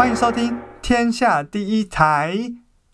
歡迎收聽天下第一台，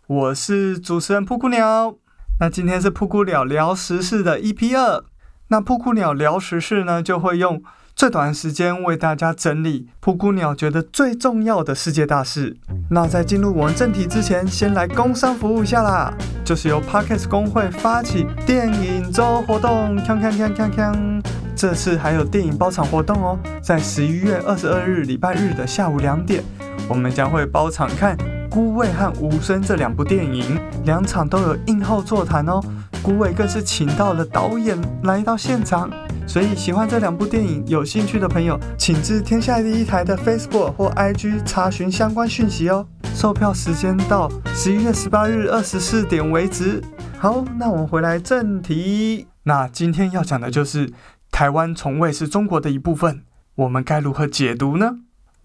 我是主持人撲穀鳥。那今天是撲穀鳥聊，聊時事的 EP2。那撲穀鳥聊時事呢，就會用最短的時間為大家整理撲穀鳥覺得最重要的世界大事。那在進入我們正題之前，先來工商服務一下啦。就是由 Podcast 工會發起電影週活動，看看看看看。這次還有電影包場活動哦，在十一月二十二日禮拜日的下午兩點。我們將會包場看《孤味》和《無聲》這兩部電影，兩場都有映後座談哦。《孤味》更是請到了導演來到現場，所以喜歡這兩部電影、有興趣的朋友，請至天下第一台的 Facebook 或 IG 查詢相關訊息哦。售票時間到十一月十八日二十四點為止。好，那我們回來正題，那今天要講的就是台灣從未是中國的一部分，我們該如何解讀呢？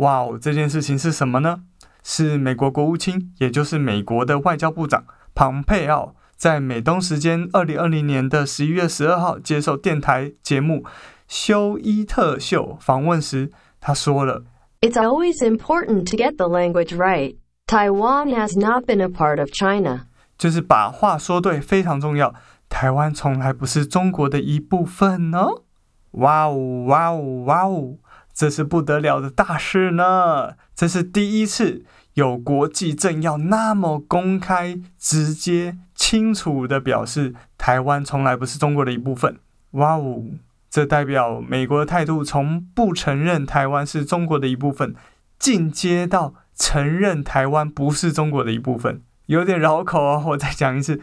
哇哦！這件事情是什麼呢？是美國國務卿，也就是美國的外交部長龐佩奧，在美東時間二零二零年的十一月十二號接受電台節目《休伊特秀》訪問時，他說了：“It's always important to get the language right. Taiwan has not been a part of China.” 就是把話說對非常重要。台灣從來不是中國的一部分哦！哇哦！哇哦！哇哦！這是不得了的大事呢！這是第一次有國際政要那麼公開、直接、清楚地表示，台灣從來不是中國的一部分。哇哦！這代表美國的態度從不承認台灣是中國的一部分，進階到承認台灣不是中國的一部分，有點繞口啊哦，我再講一次：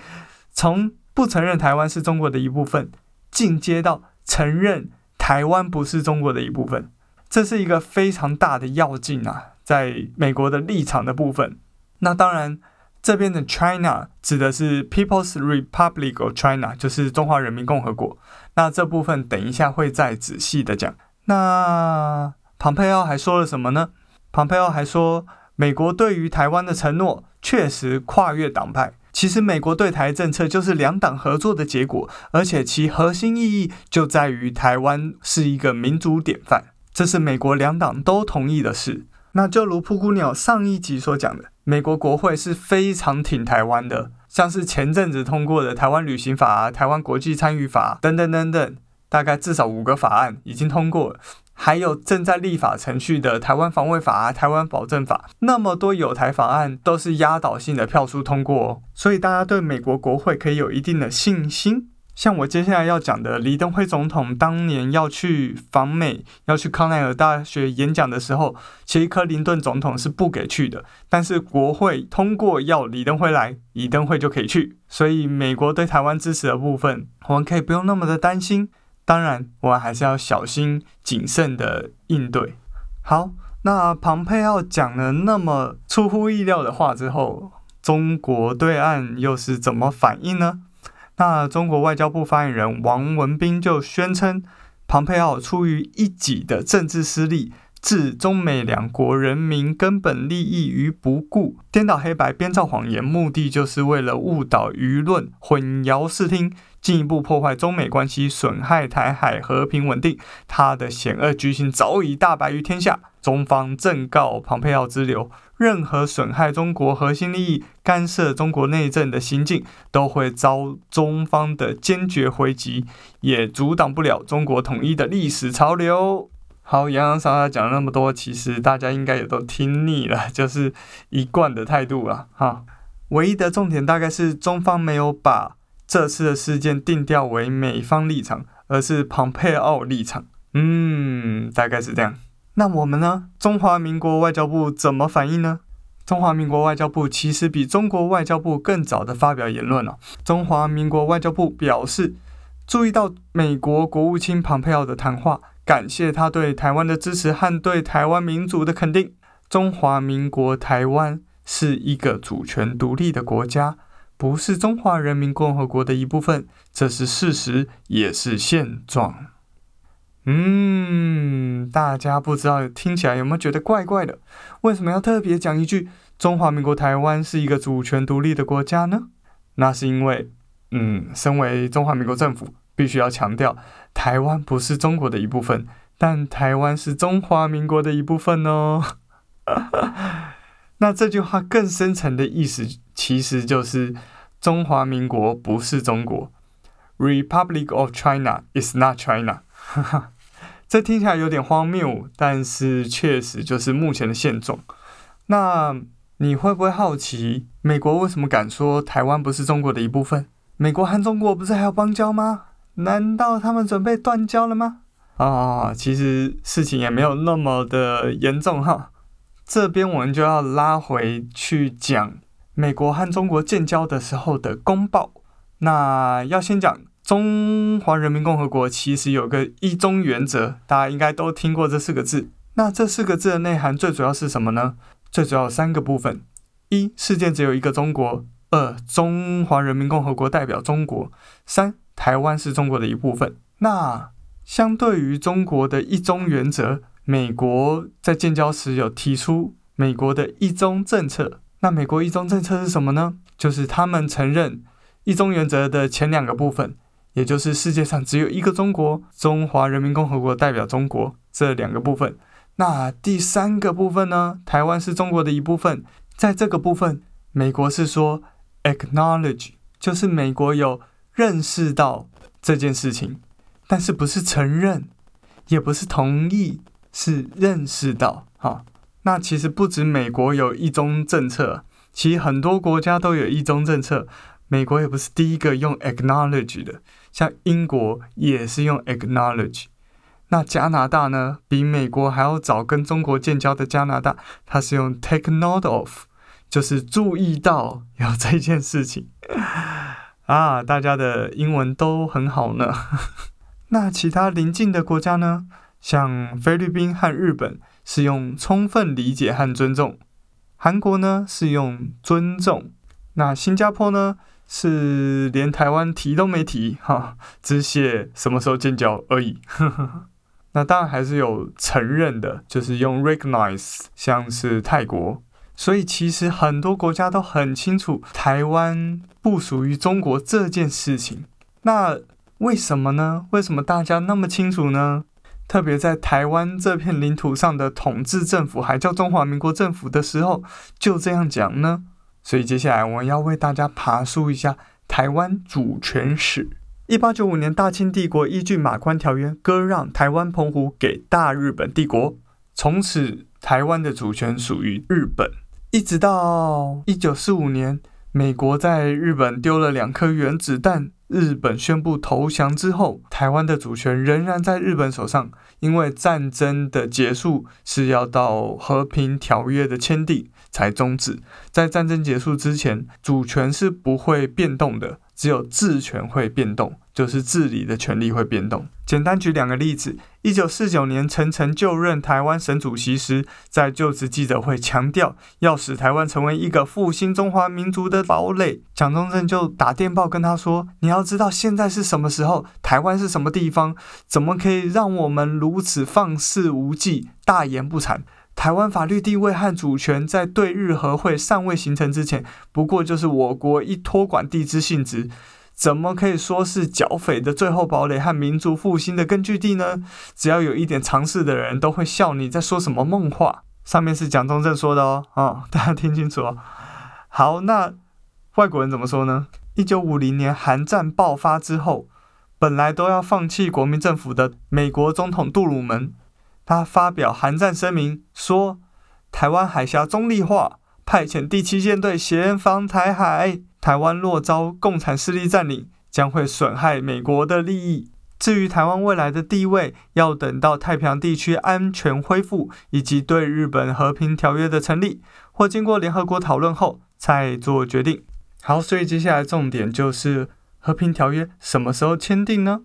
從不承認台灣是中國的一部分，進階到承認台灣不是中國的一部分。這是一個非常大的要件啊，在美國的立場的部分。那當然，這邊的 China 指的是 People's Republic of China，就是中華人民共和國。那這部分等一下會再仔細的講。那龐佩奧還說了什麼呢？龐佩奧還說，美國對於台灣的承諾確實跨越黨派。其實，美國對台政策就是兩黨合作的結果，而且其核心意義就在於台灣是一個民主典範。這是美國兩黨都同意的事。那就如布穀鳥上一集所講的，美國國會是非常挺台灣的。像是前陣子通過的台灣旅行法啊、台灣國際參與法等等等等，大概至少五個法案已經通過，還有正在立法程序的台灣防衛法啊、台灣保證法，那麼多有台法案都是壓倒性的票數通過哦，所以大家對美國國會可以有一定的信心。像我接下來要講的，李登輝總統當年要去訪美，要去康奈爾大學演講的時候，其實克林頓總統是不給去的。但是國會通過要李登輝來，李登輝就可以去。所以美國對台灣支持的部分，我們可以不用那麼的擔心。當然，我們還是要小心謹慎的應對。好，那龐佩奧講了那麼出乎意料的話之後，中國對岸又是怎麼反應呢？那中國外交部發言人王文斌就宣稱，龐佩奧出於一己的政治私利，置中美兩國人民根本利益於不顧，顛倒黑白、編造謊言，目的就是為了誤導輿論、混淆視聽，進一步破壞中美關係、損害台海和平穩定。他的險惡居心早已大白於天下，中方正告龐佩奧之流。任何損害中國核心利益、干涉中國內政的行徑，都會遭中方的堅決回擊，也阻擋不了中國統一的歷史潮流。好，洋洋灑灑講了那麼多，其實大家應該也都聽膩了，就是一貫的態度啊哈。唯一的重點大概是中方沒有把這次的事件定調為美方立場，而是蓬佩奧立場。嗯，大概是這樣。那我們呢？中華民國外交部怎麼反應呢？中華民國外交部其實比中國外交部更早的發表言論了啊。中華民國外交部表示，注意到美國國務卿蓬佩奧的談話，感謝他對台灣的支持和對台灣民主的肯定。中華民國台灣是一個主權獨立的國家，不是中華人民共和國的一部分，這是事實，也是現狀。嗯，大家不知道聽起來有沒有覺得怪怪的？為什麼要特別講一句“中華民國台灣是一個主權獨立的國家”呢？那是因為，嗯，身為中華民國政府，必須要強調台灣不是中國的一部分，但台灣是中華民國的一部分哦。 那這句話更深層的意思，其實就是中華民國不是中國，Republic of China is not China。哈哈。這聽起來有點荒謬，但是確實就是目前的現狀。那你會不會好奇，美國為什麼敢說台灣不是中國的一部分？美國和中國不是還有邦交嗎？難道他們準備斷交了嗎？啊、哦，其實事情也沒有那麼的嚴重哈。這邊我們就要拉回去講美國和中國建交的時候的公報。那要先講。中華人民共和國其實有個一中原則，大家應該都聽過這四個字。那這四個字的內涵最主要是什麼呢？最主要有三個部分：一、世界只有一個中國；二、中華人民共和國代表中國；三、台灣是中國的一部分。那相對於中國的一中原則，美國在建交時有提出美國的一中政策。那美國一中政策是什麼呢？就是他們承認一中原則的前兩個部分。也就是世界上只有一個中國，中華人民共和國代表中國，這兩個部分。那第三個部分呢？台灣是中國的一部分。在這個部分，美國是說 acknowledge，就是美國有認識到這件事情，但是不是承認，也不是同意，是認識到哈。那其實不止美國有一中政策，其實很多國家都有一中政策。美國也不是第一個用 acknowledge 的，像英國也是用 acknowledge。那加拿大呢？比美國還要早跟中國建交的加拿大，它是用 take note of，就是注意到有這件事情。啊，大家的英文都很好呢。 那其他鄰近的國家呢？像菲律賓和日本是用充分理解和尊重，韓國呢是用尊重，那新加坡呢？是連台灣提都沒提哈，只寫什麼時候建交而已。呵 呵，那當然還是有承認的，就是用 recognize，像是泰國。所以其實很多國家都很清楚台灣不屬於中國這件事情。那為什麼呢？為什麼大家那麼清楚呢？特別在台灣這片領土上的統治政府還叫中華民國政府的時候，就這樣講呢？所以接下來我要為大家爬梳一下台灣主權史。一八九五年，大清帝國依據《馬關條約》割讓台灣、澎湖給大日本帝國，從此台灣的主權屬於日本，一直到一九四五年，美國在日本丟了兩顆原子彈。日本宣布投降之後，台灣的主權仍然在日本手上，因為戰爭的結束是要到和平條約的簽訂才終止。在戰爭結束之前，主權是不會變動的，只有治權會變動，就是治理的權利會變動。簡單舉兩個例子。一九四九年，陳誠就任台灣省主席時，在就職記者會強調，要使台灣成為一個復興中華民族的堡壘。蔣中正就打電報跟他說：“你要知道現在是什麼時候，台灣是什麼地方，怎麼可以讓我們如此放肆無忌、大言不慚？台灣法律地位和主權在對日和會尚未形成之前，不過就是我國一托管地之性質。”怎麼可以說是剿匪的最後堡壘和民族復興的根據地呢？只要有一點常識的人都會笑你在說什麼夢話。上面是蔣中正說的哦，啊、哦，大家聽清楚哦。好，那外國人怎麼說呢？一九五零年，韓戰爆發之後，本來都要放棄國民政府的美國總統杜魯門，他發表韓戰聲明說，說台灣海峽中立化，派遣第七艦隊協防台海。台灣若遭共產勢力佔領，將會損害美國的利益。至於台灣未來的地位，要等到太平洋地區安全恢復，以及對日本和平條約的成立，或經過聯合國討論後，再做決定。好，所以接下來重點就是和平條約什麼時候簽訂呢？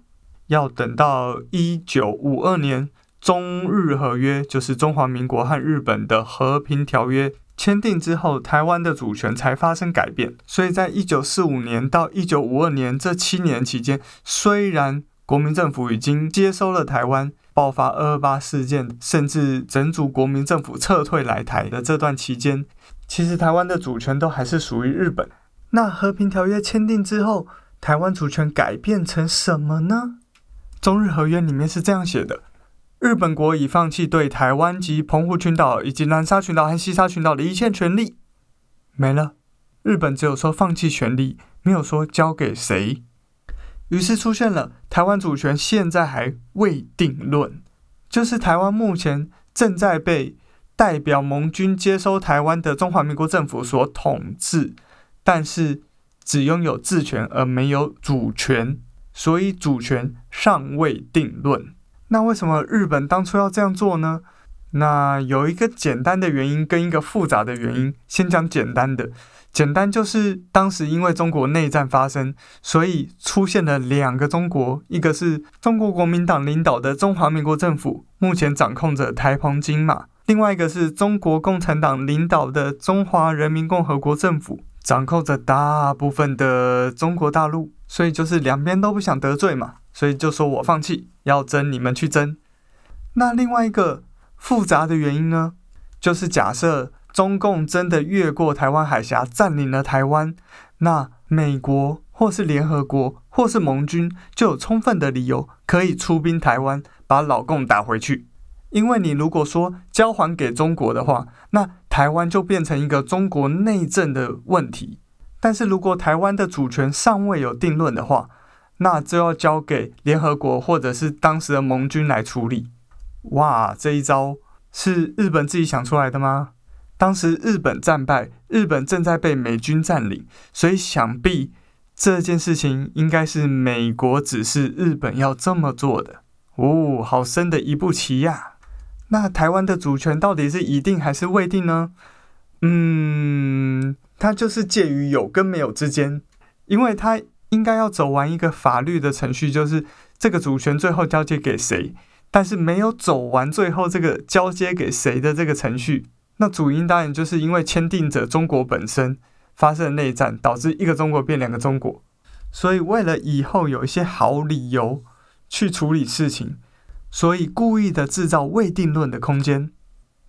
要等到一九五二年中日和約，就是中華民國和日本的和平條約。簽訂之後，台灣的主權才發生改變。所以在一九四五年到一九五二年這七年期間，雖然國民政府已經接收了台灣，爆發二二八事件，甚至整組國民政府撤退來台的這段期間，其實台灣的主權都還是屬於日本。那和平條約簽訂之後，台灣主權改變成什麼呢？中日和約裡面是這樣寫的。日本國已放棄對台灣及澎湖群島以及南沙群島和西沙群島的一切權利。沒了，日本只有說放棄權利，沒有說交給誰。於是出現了台灣主權現在還未定論，就是台灣目前正在被代表盟軍接收台灣的中華民國政府所統治，但是只擁有治權而沒有主權，所以主權尚未定論。那為什麼日本當初要這樣做呢？那有一個簡單的原因，跟一個複雜的原因。先講簡單的，簡單就是當時因為中國內戰發生，所以出現了兩個中國，一個是中國國民黨領導的中華民國政府，目前掌控着台澎金馬；另外一個是中國共產黨領導的中華人民共和國政府，掌控着大部分的中國大陸。所以就是兩邊都不想得罪嘛。所以就說，我放棄，要爭你們去爭。那另外一個複雜的原因呢，就是假設中共真的越過台灣海峽佔領了台灣，那美國或是聯合國或是盟軍就有充分的理由可以出兵台灣，把老共打回去。因為你如果說交還給中國的話，那台灣就變成一個中國內政的問題。但是如果台灣的主權尚未有定論的話，那就要交給聯合國或者是當時的盟軍來處理。哇，這一招是日本自己想出來的嗎？當時日本戰敗，日本正在被美軍佔領，所以想必這件事情應該是美國指示日本要這麼做的。哦，好深的一步棋呀、啊！那台灣的主權到底是已定還是未定呢？嗯，它就是介於有跟沒有之間，因為它。應該要走完一個法律的程序，就是這個主權最後交接給誰？但是沒有走完最後這個交接給誰的這個程序。那主因當然就是因為簽訂者中國本身發生了內戰，導致一個中國變兩個中國。所以為了以後有一些好理由去處理事情，所以故意的製造未定論的空間。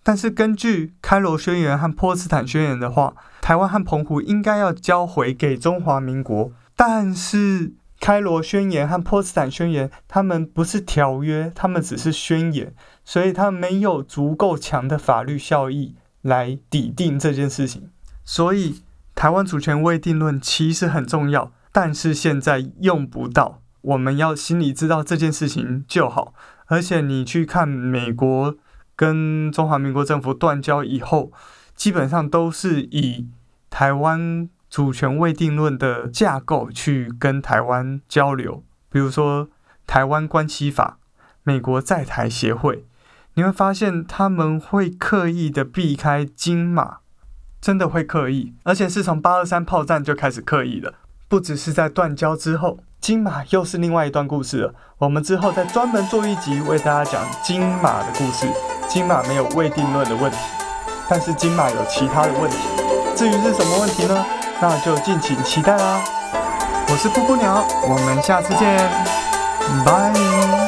但是根據開羅宣言和波茨坦宣言的話，台灣和澎湖應該要交回給中華民國。但是《開羅宣言》和《波茨坦宣言》，他們不是條約，他們只是宣言，所以他沒有足夠強的法律效益來底定這件事情。所以，台灣主權未定論其實很重要，但是現在用不到。我們要心裡知道這件事情就好。而且，你去看美國跟中華民國政府斷交以後，基本上都是以台灣主權未定論的架構去跟台灣交流，比如說台灣關係法、美國在台協會，你會發現他們會刻意的避開金馬，真的會刻意，而且是從八二三炮戰就開始刻意了，不只是在斷交之後，金馬又是另外一段故事了。我們之後再專門做一集為大家講金馬的故事。金馬沒有未定論的問題，但是金馬有其他的問題，至於是什麼問題呢？那就敬請期待啦、哦！我是布布鳥，我們下次見，拜拜。